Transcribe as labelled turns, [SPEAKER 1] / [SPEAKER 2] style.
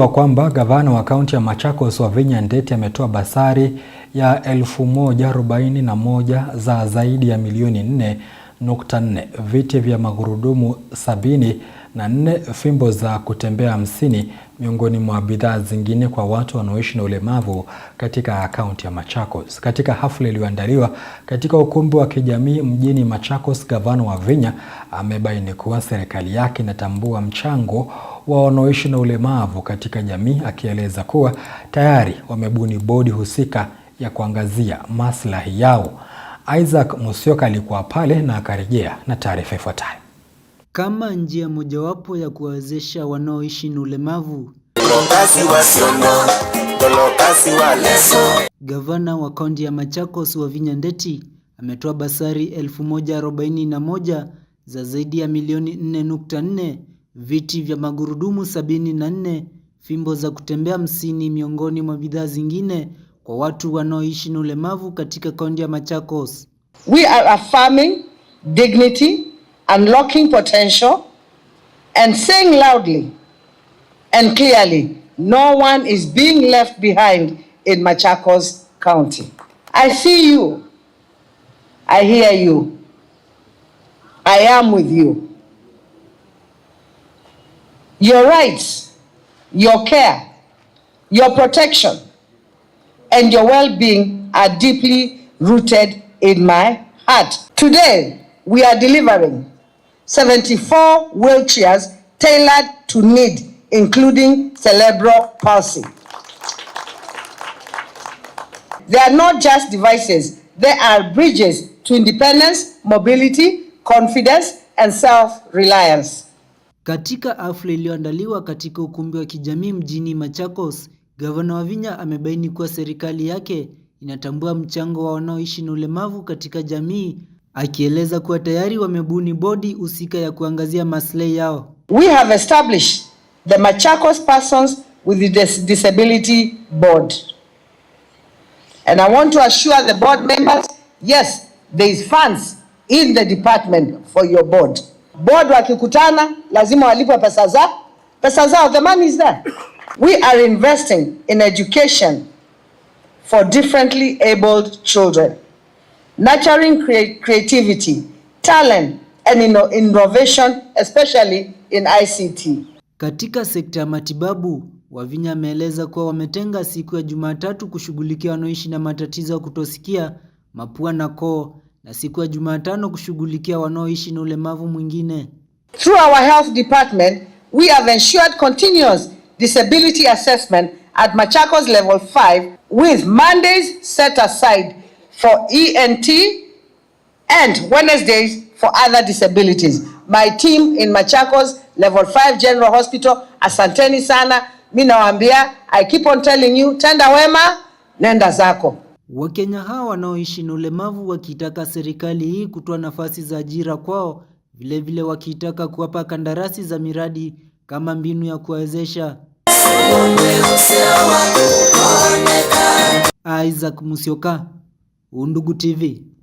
[SPEAKER 1] wa kwamba gavana wa kaunti ya Machakos Wavinya Ndeti ametoa basari ya elfu za zaidi ya milioni 4.4, viti vya magurudumu sabini na nne, fimbo za kutembea hamsini, miongoni mwa bidhaa zingine kwa watu wanaoishi na ulemavu katika kaunti ya Machakos. Katika hafla iliyoandaliwa katika ukumbi wa kijamii mjini Machakos, gavana Wavinya amebaini kuwa serikali yake inatambua mchango wa wanaoishi na ulemavu katika jamii akieleza kuwa tayari wamebuni bodi husika ya kuangazia maslahi yao. Isaac Musyoka alikuwa pale na akarejea na taarifa ifuatayo.
[SPEAKER 2] Kama njia mojawapo ya kuwawezesha wanaoishi na ulemavu Gavana wa kaunti ya Machakos Wavinya Ndeti ametoa basari 1041 za zaidi ya milioni 4.4 viti vya magurudumu sabini na nne, fimbo za kutembea msini miongoni mwa bidhaa zingine kwa watu wanaoishi na ulemavu katika kaunti ya Machakos.
[SPEAKER 3] We are affirming dignity, unlocking potential and saying loudly and clearly no one is being left behind in Machakos County. I see you. I hear you. I am with you. your rights, your care, your protection, and your well being are deeply rooted in my heart. Today, we are delivering 74 wheelchairs tailored to need, including cerebral palsy. They are not just devices, they are bridges to independence, mobility, confidence, and self reliance.
[SPEAKER 2] Katika hafla iliyoandaliwa katika ukumbi wa kijamii mjini Machakos, Gavana Wavinya amebaini kuwa serikali yake inatambua mchango wa wanaoishi na ulemavu katika jamii, akieleza kuwa tayari wamebuni bodi husika ya kuangazia maslahi yao.
[SPEAKER 3] We have established the Machakos Persons with Disability Board. And I want to assure the board members, yes, there is funds in the department for your board.
[SPEAKER 4] Board wakikutana lazima walipwe pesa za pesa zao. The money is there.
[SPEAKER 3] We are investing in education for differently abled children, nurturing cre creativity, talent and innovation especially in ICT.
[SPEAKER 2] Katika sekta ya matibabu, Wavinya ameeleza kuwa wametenga siku ya Jumatatu kushughulikia wanaoishi na matatizo ya kutosikia, mapua na koo na siku ya Jumatano kushughulikia wanaoishi na ulemavu mwingine.
[SPEAKER 3] Through our health department, we have ensured continuous disability assessment at Machakos level 5 with Mondays set aside for ENT and Wednesdays for other disabilities. My team in Machakos level 5 General Hospital, asanteni sana. Mimi nawaambia, I keep on telling you, tenda wema, nenda zako.
[SPEAKER 2] Wakenya hawa wanaoishi na ulemavu wakiitaka serikali hii kutoa nafasi za ajira kwao, vilevile wakiitaka kuwapa kandarasi za miradi kama mbinu ya kuwawezesha. Isaac Musyoka, Undugu TV.